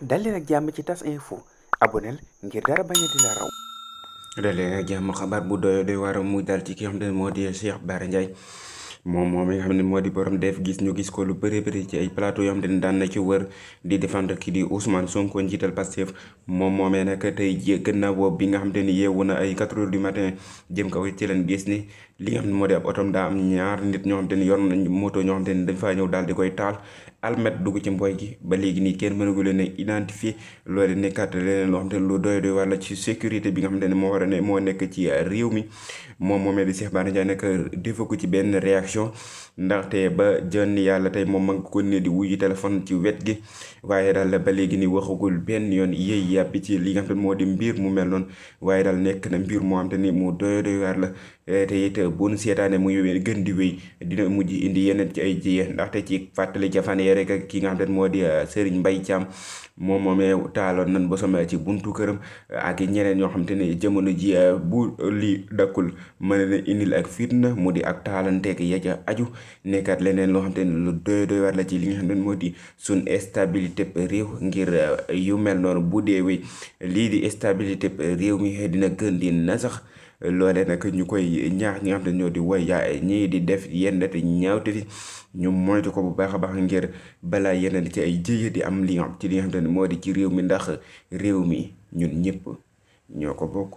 dalli na jàmm ci tas info abonel ngir dara bañ a di la raw dalee nag jàmm xabaar bu doyo doy waram muy dal ci ki xam ne moo di Cheikh Bara Ndiaye moom moom mi nga xam ne moo di borom def gis ñu gis ko lu bëri bëri ci ay plateau yoo xam ne daan na ci wër di défendre kii di Ousmane Sonko njiital Pastef moom moomee nag tey jii gannaaw bi nga xam ne yeewu na ay 4 heures du matin jëm kaw ci leen gis ni li nga xam ne moo di ab otom daa am ñaar nit ñoo xam ne yor nañ moto ñoo xam ne dañ faa ñëw daal di koy taal almet dugg ci mbooy gi ba léegi nii kenn mënagu leen a identifier loolu nekkaat loo xam te ne lu doy doy wala ci sécurité bi nga xam ne ne moo war a ne moo nekk ci réew mi moom moomee di Cheikh Bara nag defu ko ci benn réaction ndaxte ba jën yàlla tey moom ma ngi ko di wuyu téléphone ci wet gi waaye daal ba léegi nii waxagul benn yoon yéey yàpp ci li nga xam ne moo di mbir mu mel noonu waaye daal nekk na mbir moo xam te ni mu doy doy waar la te it bu mu seetaane muy gën di wéy dina mujj indi yeneen ci ay jiyee ndaxte ci fàttali jafan jafane rek ak ki nga xam ne moo di euh, Serigne mbay Thiam moom moomee taaloon nan ba sama ci buntu këram euh, ak ñeneen ñoo xam te ne jamono ji euh, bu lii dakkul mën na indil ak fitna mu di ak taalanteeg ya ca aju nekkaat leneen loo xam te ne lu doy doy war la ci li nga xam ne moo di suñ stabilité réew ngir yu mel noonu bu deewee lii di stabilité réew mi dina gën di na sax loolee nag ñu koy ñaax ñi nga xam ne ñoo di woy ñii di def yenn ñaawte fi ñu moytu ko bu baax a baax ngir balaa yeneen ci ay jéye di am li ci li nga xam ne moo di ci réew mi ndax réew mi ñun ñëpp ñoo ko bokk.